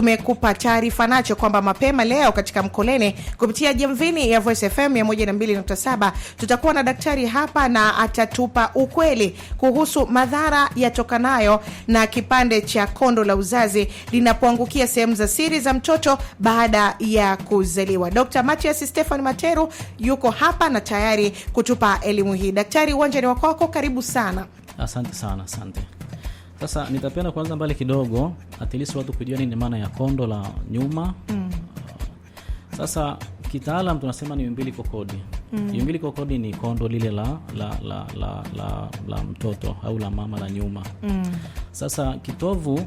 tumekupa taarifa nacho kwamba mapema leo katika Mkolene kupitia jamvini ya Voice FM 102.7 tutakuwa na daktari hapa na atatupa ukweli kuhusu madhara yatokanayo na kipande cha kondo la uzazi linapoangukia sehemu za siri za mtoto baada ya kuzaliwa. Dr. Matias stehan Materu yuko hapa na tayari kutupa elimu hii. Daktari, uwanja ni wakwako, karibu sana. Asante sana, asante. Sasa nitapenda kuanza mbali kidogo, atilisi watu kujua nini maana ya kondo la nyuma mm. Uh, sasa kitaalam tunasema ni umbili kokodi mm. umbili kokodi ni kondo lile la la, la, la, la la mtoto au la mama la nyuma mm. Sasa kitovu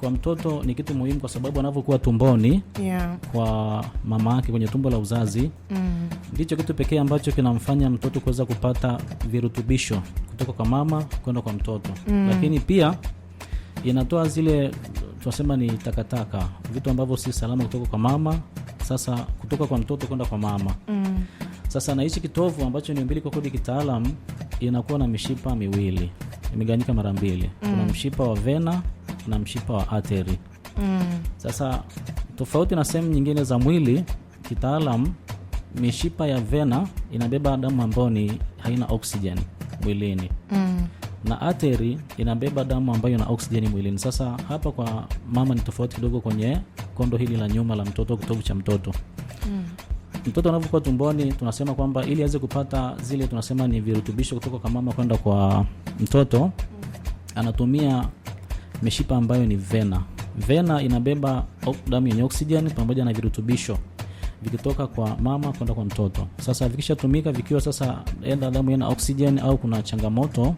kwa mtoto ni kitu muhimu kwa sababu anavyokuwa tumboni yeah. kwa mama yake kwenye tumbo la uzazi mm. ndicho mm. kitu pekee ambacho kinamfanya mtoto kuweza kupata virutubisho kutoka kwa mama kwenda kwa mtoto mm. lakini pia inatoa zile tunasema ni takataka, vitu ambavyo si salama kutoka kwa mama, sasa kutoka kwa mtoto kwenda kwa mama mm. Sasa na hichi kitovu ambacho ni mbili kwa kodi kitaalam, inakuwa na mishipa miwili imegawanyika mara mbili mm. kuna mshipa wa vena na mshipa wa ateri mm. Sasa tofauti na sehemu nyingine za mwili, kitaalam mishipa ya vena inabeba damu ambayo ni haina oksijeni mwilini mm. na ateri inabeba damu ambayo ina oksijeni mwilini. Sasa hapa kwa mama ni tofauti kidogo kwenye kondo hili la nyuma la mtoto, kitovu cha mtoto mm. Mtoto anapokuwa tumboni, tunasema kwamba ili aweze kupata zile tunasema ni virutubisho kutoka kwa mama kwenda kwa mtoto, mm. anatumia mishipa ambayo ni vena. Vena inabeba damu yenye oksijen pamoja na virutubisho vikitoka kwa mama kwenda kwa mtoto. Sasa vikishatumika vikiwa sasa enda damu yana oksijen au kuna changamoto,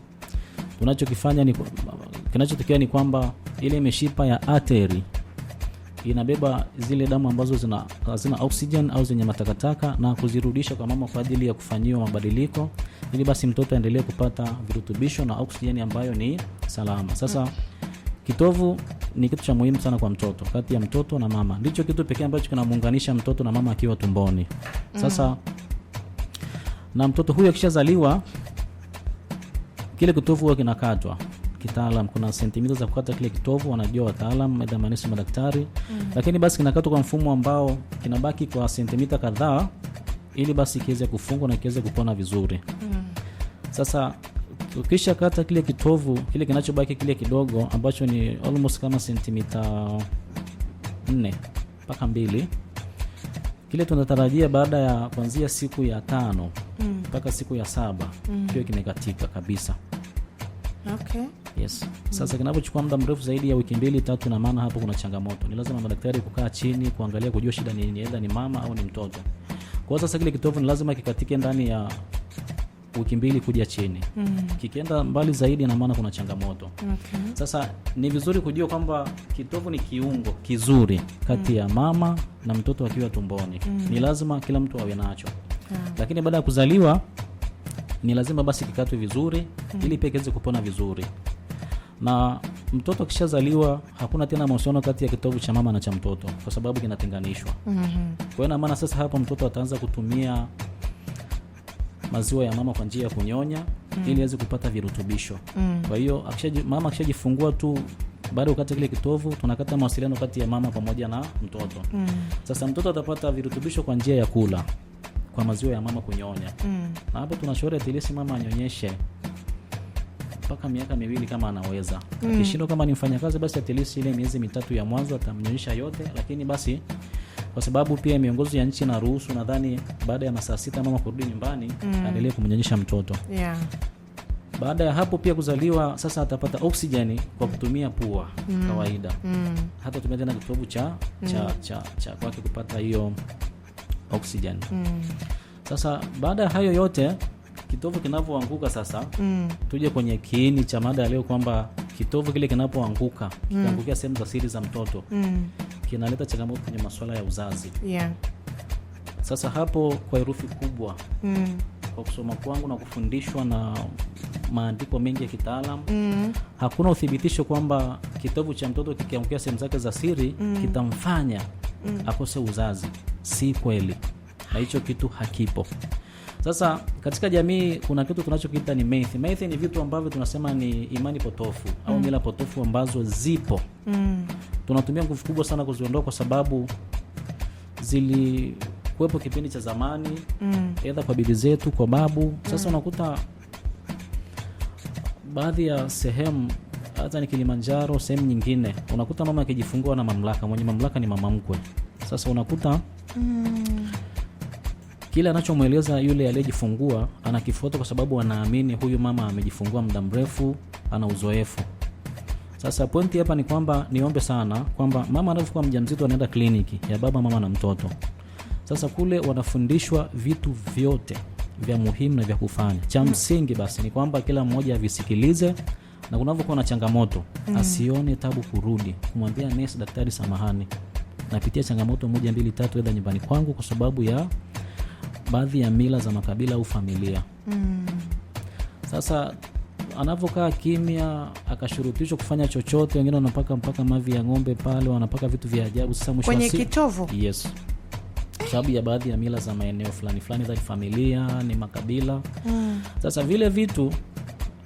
tunachokifanya ni kinachotokea ni kwamba ile mishipa ya ateri inabeba zile damu ambazo zina hazina oksijen au zenye matakataka na kuzirudisha kwa mama kwa ajili ya kufanyiwa mabadiliko, ili basi mtoto aendelee kupata virutubisho na oksijeni ambayo ni salama. Sasa mm Kitovu ni kitu cha muhimu sana kwa mtoto, kati ya mtoto na mama. Ndicho kitu pekee ambacho kinamuunganisha mtoto na mama akiwa tumboni. Sasa mm. na mtoto huyo akishazaliwa, kile kitovu huwa kinakatwa kitaalam. Kuna sentimita za kukata kile kitovu, wanajua wataalam, aidha madaktari mm. lakini basi kinakatwa kwa mfumo ambao kinabaki kwa sentimita kadhaa, ili basi kiweze kufungwa na kiweze kupona vizuri mm. Sasa Ukisha kata kile kitovu kile kinachobaki kile kidogo ambacho ni almost kama sentimita 4 mpaka mbili kile tunatarajia baada ya kuanzia siku ya tano mm. mpaka mm. siku ya saba mm. kiwe kimekatika kabisa. Okay. Yes. Mm. Sasa mm. kinapochukua muda mrefu zaidi ya wiki mbili tatu, na maana hapo kuna changamoto, ni lazima madaktari kukaa chini kuangalia, kujua shida ni nienda ni mama au ni mtoto. Kwa sasa kile kitovu ni lazima kikatike ndani ya wiki mbili kuja chini mm. Kikienda mbali zaidi, ina maana kuna changamoto okay. Sasa ni vizuri kujua kwamba kitovu ni kiungo kizuri kati ya mm. mama na mtoto akiwa tumboni mm. Ni lazima kila mtu awe nacho yeah. Lakini baada ya kuzaliwa ni lazima basi kikatwe vizuri mm. ili pia kiweze kupona vizuri na mtoto akishazaliwa hakuna tena mahusiano kati ya kitovu cha mama na cha mtoto, kwa sababu kinatenganishwa. mm -hmm. Kwa hiyo na maana sasa hapa mtoto ataanza kutumia maziwa ya mama kwa njia ya kunyonya mm. ili aweze kupata virutubisho mm. kwa hiyo mama akishajifungua tu baada ukata kile kitovu tunakata mawasiliano kati ya mama pamoja na mtoto mm. Sasa mtoto atapata virutubisho kwa njia ya kula kwa maziwa ya mama kunyonya mm. na hapo tunashauri atilisi mama anyonyeshe mpaka miaka miwili kama anaweza mm. Akishindwa kama ni mfanyakazi, basi atilisi ile miezi mitatu ya mwanzo atamnyonyesha yote, lakini basi kwa sababu pia miongozo ya nchi inaruhusu nadhani baada ya masaa sita mama kurudi nyumbani mm. aendelee kumnyonyesha mtoto yeah. Baada ya hapo pia kuzaliwa sasa atapata oksijeni kwa kutumia pua mm. kawaida mm. hata tumia tena kitovu cha, cha, mm. cha, cha kwake kupata hiyo oksijeni mm. Sasa baada ya hayo yote kitovu kinavyoanguka sasa mm. tuje kwenye kiini cha mada ya leo kwamba kitovu kile kinapoanguka mm. sehemu za siri za mtoto mm kinaleta changamoto kwenye masuala ya uzazi yeah. Sasa hapo kwa herufi kubwa mm. Kwa kusoma kwangu na kufundishwa na maandiko mengi ya kitaalamu mm. Hakuna uthibitisho kwamba kitovu cha mtoto kikiangukia sehemu zake za siri mm. kitamfanya mm. akose uzazi, si kweli, na hicho kitu hakipo. Sasa katika jamii kuna kitu tunachokiita ni myth. Myth ni vitu ambavyo tunasema ni imani potofu mm. au mila potofu ambazo zipo mm tunatumia nguvu kubwa sana kuziondoa kwa sababu zilikuwepo kipindi cha zamani mm. Edha kwa bibi zetu, kwa babu. Sasa mm. unakuta baadhi ya sehemu hata ni Kilimanjaro, sehemu nyingine unakuta mama akijifungua na mamlaka, mwenye mamlaka ni mama mkwe. Sasa unakuta mm. kile anachomweleza yule aliyejifungua anakifuata, kwa sababu anaamini huyu mama amejifungua muda mrefu, ana uzoefu sasa pointi hapa ni kwamba niombe sana kwamba mama anapokuwa mjamzito anaenda kliniki ya baba mama na mtoto. Sasa kule wanafundishwa vitu vyote vya muhimu na vya kufanya. Cha hmm. msingi basi ni kwamba kila mmoja avisikilize na kunavyokuwa na changamoto mm. asione tabu kurudi kumwambia nesi, daktari, samahani, napitia changamoto moja mbili tatu, edha nyumbani kwangu kwa sababu ya baadhi ya mila za makabila au familia mm. Sasa anavyokaa kimya akashurutishwa kufanya chochote. Wengine wanapaka mpaka mavi ya ng'ombe pale, wanapaka vitu vya ajabu. Sasa mwisho kwenye kitovu, yes, sababu ya baadhi ya mila za maeneo fulani fulani za kifamilia, ni makabila mm. Sasa vile vitu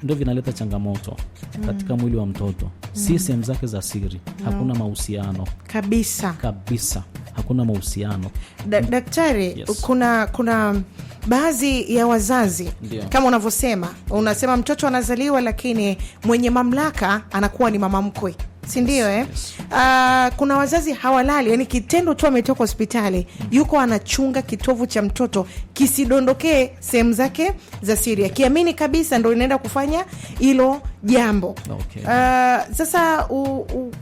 ndio vinaleta changamoto mm. katika mwili wa mtoto. Mm. Si sehemu zake za siri, hakuna mm. mahusiano kabisa kabisa, hakuna mahusiano da, daktari. Yes. kuna kuna baadhi ya wazazi Ndiyo. kama unavyosema, unasema mtoto anazaliwa, lakini mwenye mamlaka anakuwa ni mama mkwe si ndio eh? Uh, kuna wazazi hawalali, yani kitendo tu ametoka hospitali yuko anachunga kitovu cha mtoto kisidondokee sehemu zake za siri, akiamini kabisa ndo inaenda kufanya hilo jambo okay. Uh, sasa u, u,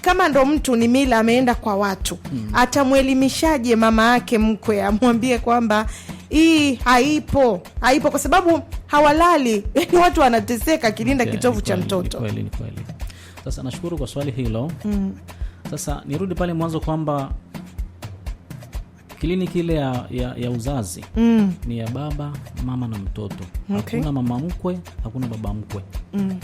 kama ndo mtu ni mila ameenda kwa watu mm. Atamwelimishaje mama yake mkwe amwambie kwamba hii haipo haipo, kwa sababu hawalali yani watu wanateseka kilinda okay, kitovu cha mtoto ni kweli, ni kweli. Sasa nashukuru kwa swali hilo mm. Sasa nirudi pale mwanzo kwamba kliniki ile ya, ya, ya uzazi mm. ni ya baba mama na mtoto okay. Hakuna mama mkwe, hakuna baba mkwe mm.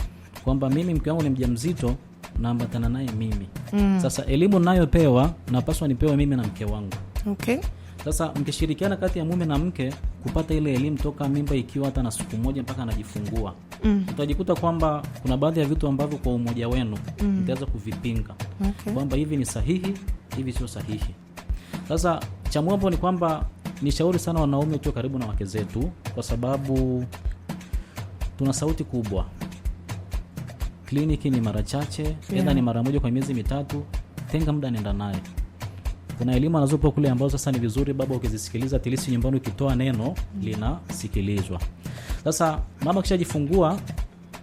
Kwamba mimi mke wangu ni mja mzito naambatana naye mimi mm. Sasa elimu nayopewa napaswa nipewe mimi na mke wangu okay. Sasa mkishirikiana kati ya mume na mke kupata ile elimu toka mimba ikiwa hata na siku moja mpaka anajifungua mm. utajikuta kwamba kuna baadhi ya vitu ambavyo kwa umoja wenu mm. mtaweza kuvipinga okay. kwamba hivi ni sahihi, hivi sio sahihi. Sasa cha muhimu ni kwamba ni shauri sana wanaume tuwe karibu na wake zetu, kwa sababu tuna sauti kubwa. Kliniki ni mara chache, yeah. ni mara moja kwa miezi mitatu. Tenga muda, nenda naye kuna elimu anazopa kule ambazo sasa ni vizuri baba ukizisikiliza tilisi nyumbani, ukitoa neno linasikilizwa. Sasa mama akishajifungua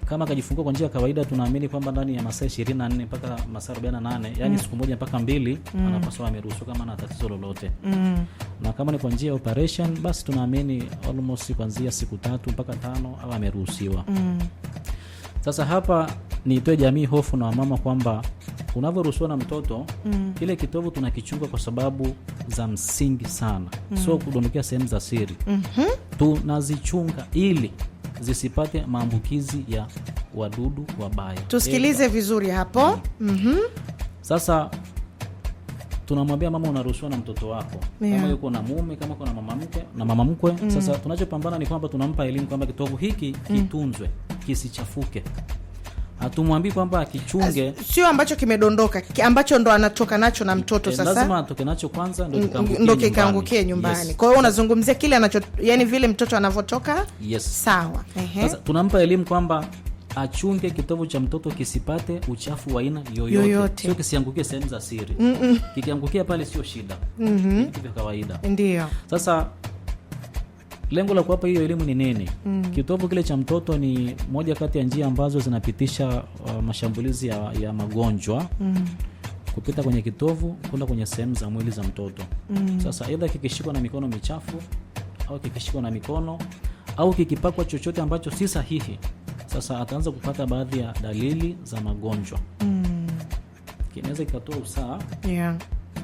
kama akajifungua kwa njia ya kawaida, tunaamini kwamba ndani ya masaa 24 mpaka masaa 48, yani mm. siku moja mpaka mbili mm. anapaswa ameruhusu kama ana tatizo lolote mm. na kama ni kwa njia ya operation, basi tunaamini almost kuanzia siku tatu mpaka tano au ameruhusiwa mm. Sasa hapa nitoe jamii hofu na wamama kwamba unavyoruhusiwa na mtoto mm. Kile kitovu tunakichunga kwa sababu za msingi sana mm. Sio kudondokea sehemu za siri mm -hmm. Tunazichunga ili zisipate maambukizi ya wadudu wabaya. Tusikilize Eba. vizuri hapo mm. Mm -hmm. Sasa tunamwambia mama, unaruhusiwa na mtoto wako yeah. Kama yuko na mume, kama uko na mama mke na mama mkwe mm. Sasa tunachopambana ni kwamba tunampa elimu kwamba kitovu hiki mm. kitunzwe kisichafuke hatumwambii kwamba akichunge, sio ambacho kimedondoka, ambacho ndo anatoka nacho na mtoto e, sasa lazima atoke nacho kwanza ndo kikaangukie nyumbani. Yes. Kwa hiyo unazungumzia kile anacho, yani vile mtoto anavyotoka. Yes. Sawa. Sasa tunampa elimu kwamba achunge kitovu cha mtoto kisipate uchafu wa aina yoyote, yoyote. Sio kisiangukie sehemu za siri mm -mm. Kikiangukia pale sio shida mm -hmm. Kitu vya kawaida ndio sasa lengo la kuwapa hiyo elimu ni nini? mm. Kitovu kile cha mtoto ni moja kati ya njia ambazo zinapitisha uh, mashambulizi ya, ya magonjwa mm. kupita kwenye kitovu kwenda kwenye sehemu za mwili za mtoto mm. Sasa aidha kikishikwa na mikono michafu au kikishikwa na mikono au kikipakwa chochote ambacho si sahihi, sasa ataanza kupata baadhi ya dalili za magonjwa mm. Kinaweza kikatoa usaa yeah.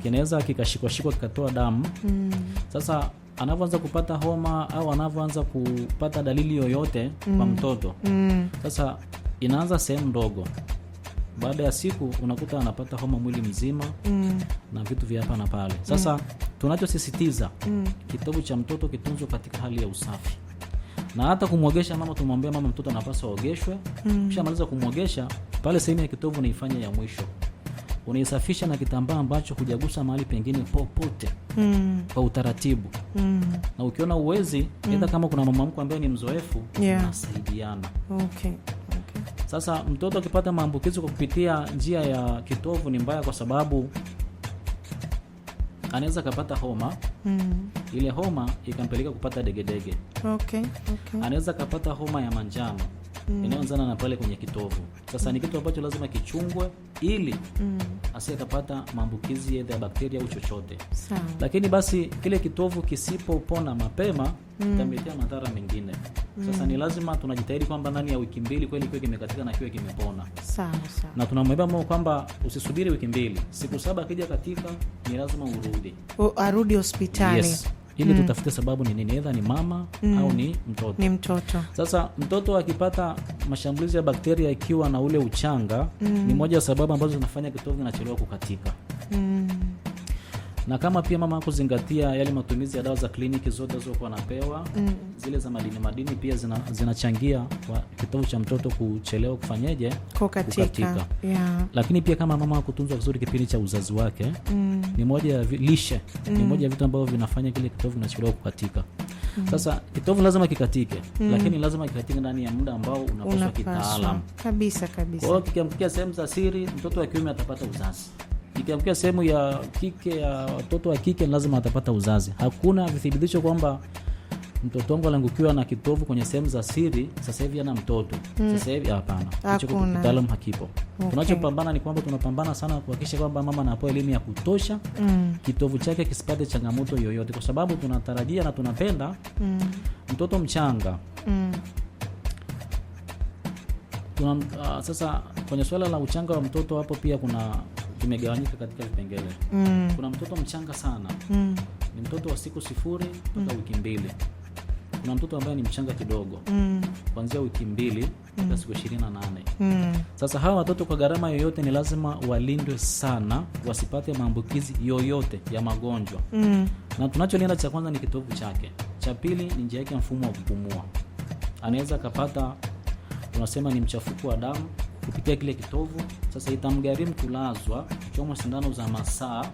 Kinaweza kikashikwashikwa kikatoa damu mm. Sasa anavyoanza kupata homa au anavyoanza kupata dalili yoyote mm. kwa mtoto mm. Sasa inaanza sehemu ndogo, baada ya siku unakuta anapata homa mwili mzima mm. na vitu vya hapa na pale. Sasa mm. tunachosisitiza mm. kitovu cha mtoto kitunzwe katika hali ya usafi na hata kumwogesha mama, tumwambia mama mtoto anapaswa aogeshwe. mm. Ukishamaliza kumwogesha, pale sehemu ya kitovu naifanya ya mwisho unaisafisha na kitambaa ambacho hujagusa mahali pengine popote mm. kwa utaratibu mm. na ukiona uwezi aidha mm. kama kuna mamamko ambaye ni mzoefu yeah. unasaidiana okay. Okay. Sasa mtoto akipata maambukizi kwa kupitia njia ya kitovu ni mbaya, kwa sababu anaweza akapata homa mm. ile homa ikampeleka kupata degedege okay. okay. anaweza akapata homa ya manjano mm. inayoanzana na pale kwenye kitovu. Sasa ni kitu ambacho lazima kichungwe ili mm. asiyekapata maambukizi ya bakteria au chochote, lakini basi kile kitovu kisipopona mapema itamletea mm. madhara mengine. Sasa mm. ni lazima tunajitahidi kwamba ndani ya wiki mbili kweli kiwe kimekatika na kiwe kimepona na tunamwambia Mungu kwamba usisubiri wiki mbili, siku saba akija katika ni lazima urudi, arudi hospitali yes ili mm. tutafute sababu ni nini, aidha ni mama mm. au ni mtoto. Ni mtoto. Sasa mtoto akipata mashambulizi ya bakteria ikiwa na ule uchanga mm. ni moja ya sababu ambazo zinafanya kitovu kinachelewa kukatika mm na kama pia mama kuzingatia yale matumizi ya dawa za kliniki zote alizokuwa anapewa mm. zile za madini madini pia zina, zinachangia kwa kitovu cha mtoto kuchelewa kufanyeje kukatika, kukatika. Yeah. Lakini pia kama mama kutunzwa vizuri kipindi cha uzazi wake mm. ni moja ya lishe mm. ni moja ya vitu ambavyo vinafanya kile kitovu kinachelewa kukatika mm. Sasa kitovu lazima kikatike mm. lakini lazima kikatike ndani ya muda ambao unapaswa kitaalamu kabisa kabisa. Kwa hiyo kikiamkia sehemu za siri, mtoto wa kiume atapata uzazi ukiamkia sehemu ya kike ya watoto wa kike lazima atapata uzazi. Hakuna vithibitisho kwamba mtoto wangu aliangukiwa na kitovu kwenye sehemu za siri, sasa hivi ana mtoto mm. Sasa hivi hapana, kitaalam hakipo. Okay. Tunachopambana ni kwamba tunapambana sana kuhakikisha kwamba mama anapoa elimu ya kutosha mm. Kitovu chake kisipate changamoto yoyote, kwa sababu tunatarajia na tunapenda mm. mtoto mchanga mm. Tuna, uh, sasa kwenye suala la uchanga wa mtoto hapo pia kuna vimegawanyika katika vipengele mm. Kuna mtoto mchanga sana mm. Ni mtoto wa siku sifuri mpaka mm. wiki mbili. Kuna mtoto ambaye ni mchanga kidogo mm. kuanzia wiki mbili mpaka mm. siku ishirini na nane mm. Sasa hawa watoto kwa gharama yoyote ni lazima walindwe sana, wasipate maambukizi yoyote ya magonjwa mm. na tunacholinda cha kwanza ni kitovu chake, cha pili ni njia yake ya mfumo wa kupumua. Anaweza akapata tunasema ni mchafuku wa damu kupitia kile kitovu. Sasa itamgharimu kulazwa, kuchomwa sindano za masaa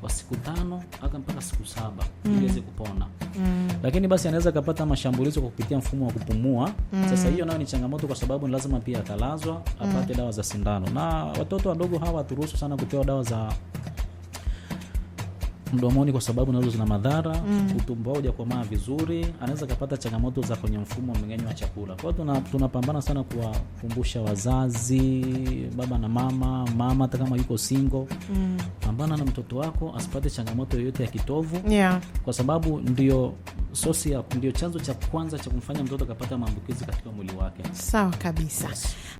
kwa siku tano hata mpaka siku saba mm. ili kupona mm. Lakini basi anaweza akapata mashambulizo kwa kupitia mfumo wa kupumua mm. Sasa hiyo nayo ni changamoto, kwa sababu ni lazima pia atalazwa apate mm. dawa za sindano, na watoto wadogo hawa waturuhusu sana kupewa dawa za mdomoni kwa sababu nazo zina madhara mm. Utumbo hujakomaa vizuri, anaweza akapata changamoto za kwenye mfumo wa mmeng'enyo wa chakula. Kwa hiyo tunapambana sana kuwakumbusha wazazi, baba na mama, mama hata kama yuko single mm. Pambana na mtoto wako asipate changamoto yoyote ya kitovu yeah. Kwa sababu ndio sosi, ndio chanzo cha kwanza cha kumfanya mtoto akapata maambukizi katika mwili wake. Sawa kabisa yes.